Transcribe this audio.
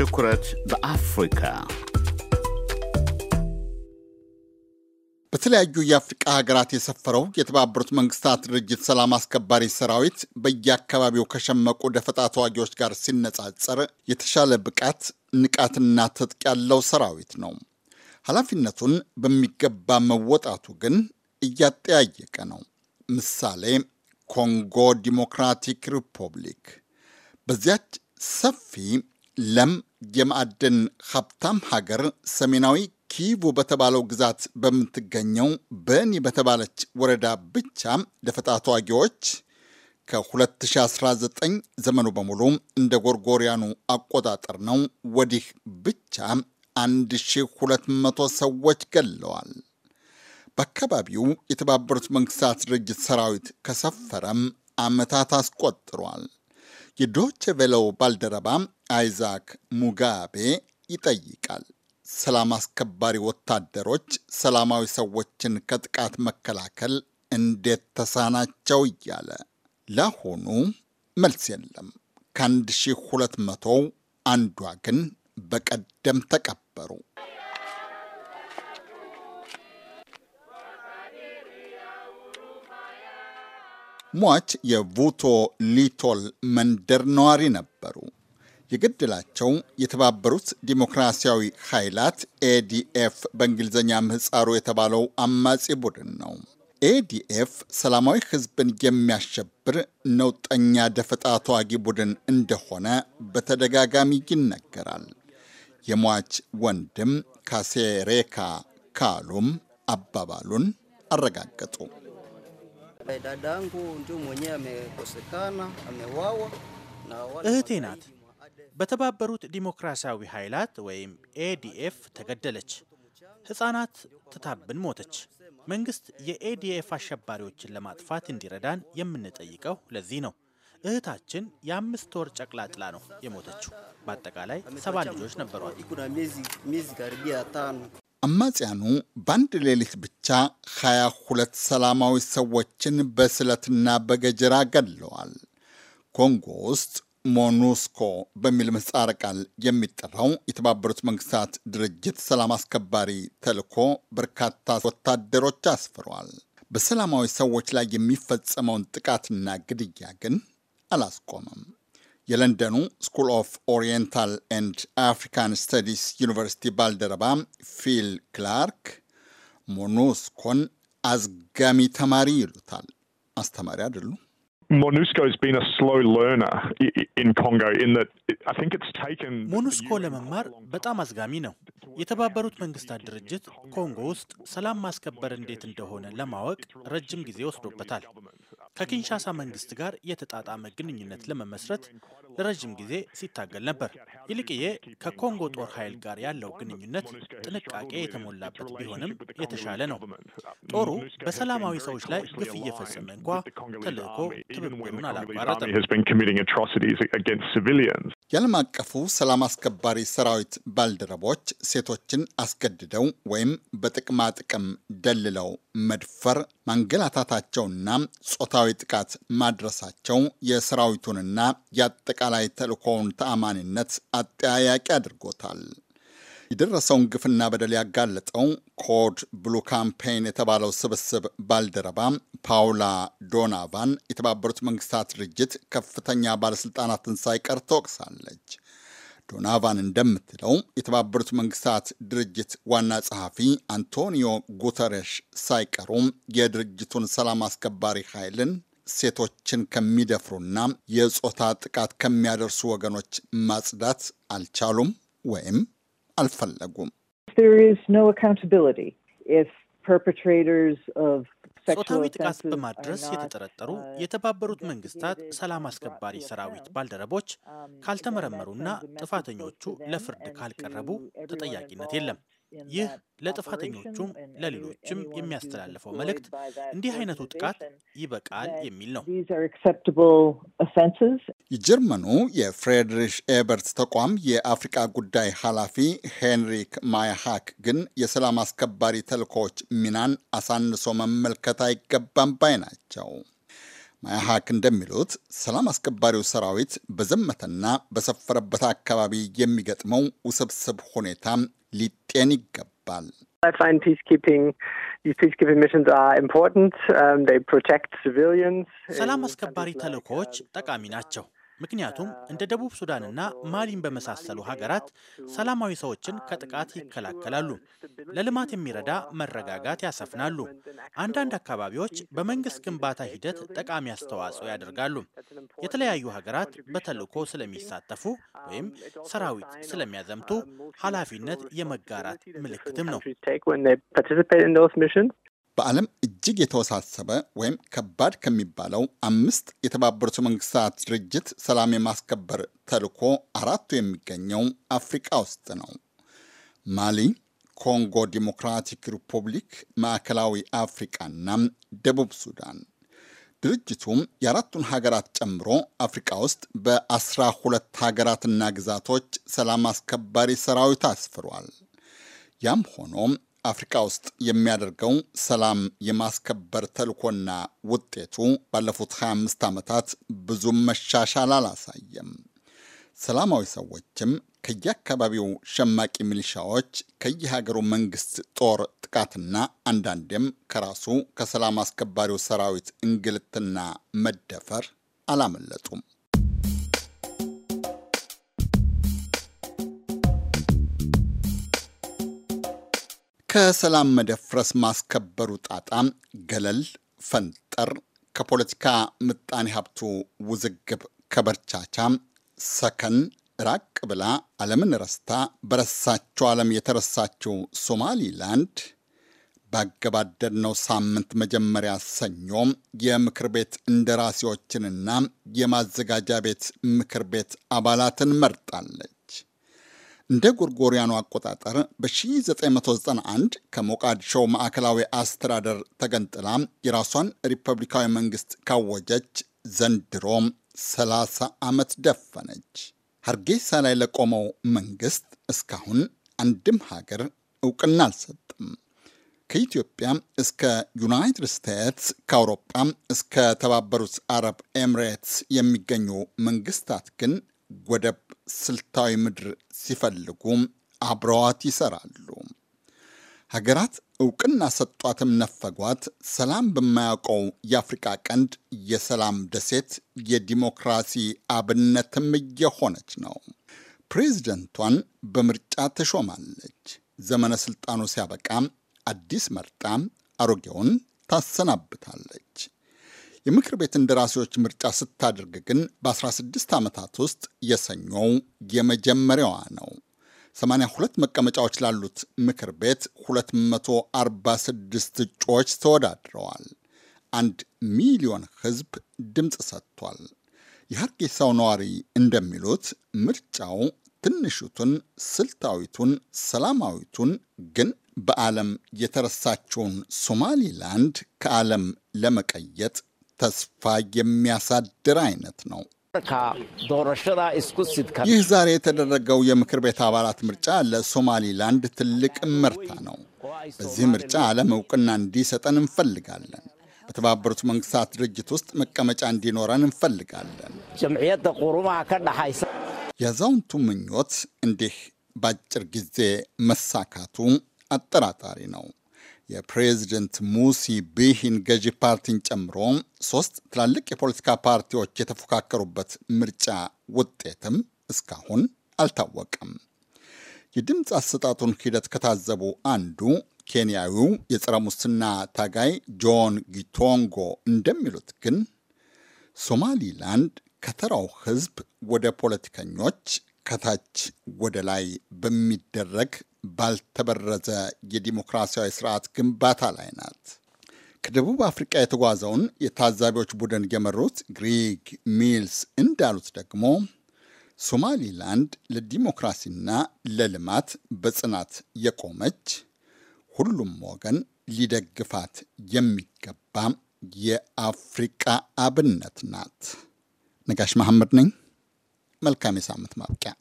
ትኩረት በአፍሪካ በተለያዩ የአፍሪቃ ሀገራት የሰፈረው የተባበሩት መንግስታት ድርጅት ሰላም አስከባሪ ሰራዊት በየአካባቢው ከሸመቁ ደፈጣ ተዋጊዎች ጋር ሲነጻጸር የተሻለ ብቃት፣ ንቃትና ትጥቅ ያለው ሰራዊት ነው። ኃላፊነቱን በሚገባ መወጣቱ ግን እያጠያየቀ ነው። ምሳሌ ኮንጎ ዲሞክራቲክ ሪፐብሊክ። በዚያች ሰፊ ለም የማዕድን ሀብታም ሀገር ሰሜናዊ ኪቭ በተባለው ግዛት በምትገኘው በኒ በተባለች ወረዳ ብቻ ደፈጣ ተዋጊዎች ከ2019 ዘመኑ በሙሉ እንደ ጎርጎሪያኑ አቆጣጠር ነው ወዲህ ብቻ 1200 ሰዎች ገለዋል። በአካባቢው የተባበሩት መንግስታት ድርጅት ሰራዊት ከሰፈረም ዓመታት አስቆጥሯል። የዶች ቬለው ባልደረባ አይዛክ ሙጋቤ ይጠይቃል። ሰላም አስከባሪ ወታደሮች ሰላማዊ ሰዎችን ከጥቃት መከላከል እንዴት ተሳናቸው? እያለ ለአሁኑ መልስ የለም። ከ ከ1200 አንዷ ግን በቀደም ተቀበሩ። ሟች የቮቶ ሊቶል መንደር ነዋሪ ነበሩ። የገደላቸው የተባበሩት ዲሞክራሲያዊ ኃይላት ኤዲኤፍ በእንግሊዝኛ ምህፃሩ የተባለው አማጺ ቡድን ነው። ኤዲኤፍ ሰላማዊ ህዝብን የሚያሸብር ነውጠኛ ደፈጣ ተዋጊ ቡድን እንደሆነ በተደጋጋሚ ይነገራል። የሟች ወንድም ካሴሬካ ካሉም አባባሉን አረጋገጡ። dadangu እህቴ ናት። በተባበሩት ዲሞክራሲያዊ ኃይላት ወይም ኤዲኤፍ ተገደለች። ሕፃናት ትታብን ሞተች። መንግስት የኤዲኤፍ አሸባሪዎችን ለማጥፋት እንዲረዳን የምንጠይቀው ለዚህ ነው። እህታችን የአምስት ወር ጨቅላ ጥላ ነው የሞተችው። በአጠቃላይ ሰባ ልጆች ነበሯት። አማጽያኑ በአንድ ሌሊት ብቻ 22 ሰላማዊ ሰዎችን በስለትና በገጀራ ገድለዋል። ኮንጎ ውስጥ ሞኑስኮ በሚል ምህጻረ ቃል የሚጠራው የተባበሩት መንግስታት ድርጅት ሰላም አስከባሪ ተልኮ በርካታ ወታደሮች አስፍሯል። በሰላማዊ ሰዎች ላይ የሚፈጸመውን ጥቃትና ግድያ ግን አላስቆመም። የለንደኑ ስኩል ኦፍ ኦሪየንታል ኤንድ አፍሪካን ስተዲስ ዩኒቨርሲቲ ባልደረባ ፊል ክላርክ ሞኖስኮን አዝጋሚ ተማሪ ይሉታል። አስተማሪ አይደሉ? ሞኑስኮ ለመማር በጣም አዝጋሚ ነው። የተባበሩት መንግስታት ድርጅት ኮንጎ ውስጥ ሰላም ማስከበር እንዴት እንደሆነ ለማወቅ ረጅም ጊዜ ወስዶበታል። ከኪንሻሳ መንግስት ጋር የተጣጣመ ግንኙነት ለመመስረት ለረዥም ጊዜ ሲታገል ነበር። ይልቅዬ ከኮንጎ ጦር ኃይል ጋር ያለው ግንኙነት ጥንቃቄ የተሞላበት ቢሆንም የተሻለ ነው። ጦሩ በሰላማዊ ሰዎች ላይ ግፍ እየፈጸመ እንኳ ተልእኮ ትብብሩን አላቋረጠም። የዓለም አቀፉ ሰላም አስከባሪ ሰራዊት ባልደረቦች ሴቶችን አስገድደው ወይም በጥቅማ ጥቅም ደልለው መድፈር ማንገላታታቸውና ጾታዊ ጥቃት ማድረሳቸው የሰራዊቱንና የአጠቃላይ ተልእኮውን ተአማኒነት አጠያያቂ አድርጎታል። የደረሰውን ግፍና በደል ያጋለጠው ኮድ ብሉ ካምፔን የተባለው ስብስብ ባልደረባ ፓውላ ዶናቫን የተባበሩት መንግስታት ድርጅት ከፍተኛ ባለሥልጣናትን ሳይቀር ተወቅሳለች። ዶናቫን እንደምትለው የተባበሩት መንግስታት ድርጅት ዋና ጸሐፊ አንቶኒዮ ጉተሬሽ ሳይቀሩ የድርጅቱን ሰላም አስከባሪ ኃይልን ሴቶችን ከሚደፍሩና የጾታ ጥቃት ከሚያደርሱ ወገኖች ማጽዳት አልቻሉም ወይም አልፈለጉም። ጾታዊ ጥቃት በማድረስ የተጠረጠሩ uh, የተባበሩት መንግስታት ሰላም አስከባሪ ሰራዊት ባልደረቦች um, ካልተመረመሩና ጥፋተኞቹ ለፍርድ ካልቀረቡ ተጠያቂነት የለም። ይህ ለጥፋተኞቹም ለሌሎችም የሚያስተላልፈው መልእክት እንዲህ አይነቱ ጥቃት ይበቃል የሚል ነው። የጀርመኑ የፍሬድሪሽ ኤበርት ተቋም የአፍሪቃ ጉዳይ ኃላፊ ሄንሪክ ማይሃክ ግን የሰላም አስከባሪ ተልኮዎች ሚናን አሳንሶ መመልከት አይገባም ባይ ናቸው። ማያሃክ እንደሚሉት ሰላም አስከባሪው ሰራዊት በዘመተና በሰፈረበት አካባቢ የሚገጥመው ውስብስብ ሁኔታ ሊጤን ይገባል። ሰላም አስከባሪ ተልእኮዎች ጠቃሚ ናቸው። ምክንያቱም እንደ ደቡብ ሱዳንና ማሊን በመሳሰሉ ሀገራት ሰላማዊ ሰዎችን ከጥቃት ይከላከላሉ፣ ለልማት የሚረዳ መረጋጋት ያሰፍናሉ። አንዳንድ አካባቢዎች በመንግስት ግንባታ ሂደት ጠቃሚ አስተዋጽኦ ያደርጋሉ። የተለያዩ ሀገራት በተልዕኮ ስለሚሳተፉ ወይም ሰራዊት ስለሚያዘምቱ ኃላፊነት የመጋራት ምልክትም ነው። በዓለም እጅግ የተወሳሰበ ወይም ከባድ ከሚባለው አምስት የተባበሩት መንግስታት ድርጅት ሰላም የማስከበር ተልዕኮ አራቱ የሚገኘው አፍሪቃ ውስጥ ነው። ማሊ፣ ኮንጎ ዲሞክራቲክ ሪፑብሊክ፣ ማዕከላዊ አፍሪቃና ደቡብ ሱዳን። ድርጅቱም የአራቱን ሀገራት ጨምሮ አፍሪቃ ውስጥ በአስራ ሁለት ሀገራትና ግዛቶች ሰላም አስከባሪ ሰራዊት አስፍሯል። ያም ሆኖም አፍሪካ ውስጥ የሚያደርገው ሰላም የማስከበር ተልኮና ውጤቱ ባለፉት 25 ዓመታት ብዙም መሻሻል አላሳየም። ሰላማዊ ሰዎችም ከየአካባቢው ሸማቂ ሚሊሻዎች፣ ከየሀገሩ መንግስት ጦር ጥቃትና አንዳንዴም ከራሱ ከሰላም አስከባሪው ሰራዊት እንግልትና መደፈር አላመለጡም። ከሰላም መደፍረስ ማስከበሩ ጣጣ ገለል ፈንጠር፣ ከፖለቲካ ምጣኔ ሀብቱ ውዝግብ ከበርቻቻ ሰከን ራቅ ብላ ዓለምን ረስታ በረሳችው ዓለም የተረሳችው ሶማሊላንድ ባገባደድነው ሳምንት መጀመሪያ ሰኞ የምክር ቤት እንደራሴዎችንና የማዘጋጃ ቤት ምክር ቤት አባላትን መርጣለች። እንደ ጎርጎሪያኑ አቆጣጠር በ1991 ከሞቃዲሾ ማዕከላዊ አስተዳደር ተገንጥላ የራሷን ሪፐብሊካዊ መንግስት ካወጀች ዘንድሮም 30 ዓመት ደፈነች። ሀርጌሳ ላይ ለቆመው መንግስት እስካሁን አንድም ሀገር እውቅና አልሰጥም። ከኢትዮጵያ እስከ ዩናይትድ ስቴትስ ከአውሮፓ እስከ ተባበሩት አረብ ኤምሬትስ የሚገኙ መንግስታት ግን ወደብ ስልታዊ ምድር ሲፈልጉ አብረዋት ይሰራሉ። ሀገራት እውቅና ሰጧትም ነፈጓት፣ ሰላም በማያውቀው የአፍሪቃ ቀንድ የሰላም ደሴት የዲሞክራሲ አብነትም እየሆነች ነው። ፕሬዚደንቷን በምርጫ ትሾማለች። ዘመነ ስልጣኑ ሲያበቃ አዲስ መርጣ አሮጌውን ታሰናብታለች። የምክር ቤት እንደራሴዎች ምርጫ ስታደርግ ግን በ16 ዓመታት ውስጥ የሰኞው የመጀመሪያዋ ነው። 82 መቀመጫዎች ላሉት ምክር ቤት 246 እጩዎች ተወዳድረዋል። አንድ ሚሊዮን ሕዝብ ድምፅ ሰጥቷል። የሀርጌሳው ነዋሪ እንደሚሉት ምርጫው ትንሹቱን፣ ስልታዊቱን፣ ሰላማዊቱን ግን በዓለም የተረሳችውን ሶማሊላንድ ከዓለም ለመቀየጥ ተስፋ የሚያሳድር አይነት ነው። ይህ ዛሬ የተደረገው የምክር ቤት አባላት ምርጫ ለሶማሊላንድ ትልቅ እመርታ ነው። በዚህ ምርጫ ዓለም እውቅና እንዲሰጠን እንፈልጋለን። በተባበሩት መንግስታት ድርጅት ውስጥ መቀመጫ እንዲኖረን እንፈልጋለን። የዛውንቱ ምኞት እንዲህ በአጭር ጊዜ መሳካቱ አጠራጣሪ ነው። የፕሬዝደንት ሙሲ ቢሂን ገዢ ፓርቲን ጨምሮ ሶስት ትላልቅ የፖለቲካ ፓርቲዎች የተፎካከሩበት ምርጫ ውጤትም እስካሁን አልታወቀም። የድምፅ አሰጣጡን ሂደት ከታዘቡ አንዱ ኬንያዊው የጸረ ሙስና ታጋይ ጆን ጊቶንጎ እንደሚሉት ግን ሶማሊላንድ ከተራው ሕዝብ ወደ ፖለቲከኞች ከታች ወደ ላይ በሚደረግ ባልተበረዘ የዲሞክራሲያዊ ስርዓት ግንባታ ላይ ናት። ከደቡብ አፍሪቃ የተጓዘውን የታዛቢዎች ቡድን የመሩት ግሪግ ሚልስ እንዳሉት ደግሞ ሶማሊላንድ ለዲሞክራሲና ለልማት በጽናት የቆመች ሁሉም ወገን ሊደግፋት የሚገባ የአፍሪቃ አብነት ናት። ነጋሽ መሐመድ ነኝ። መልካም የሳምንት ማብቂያ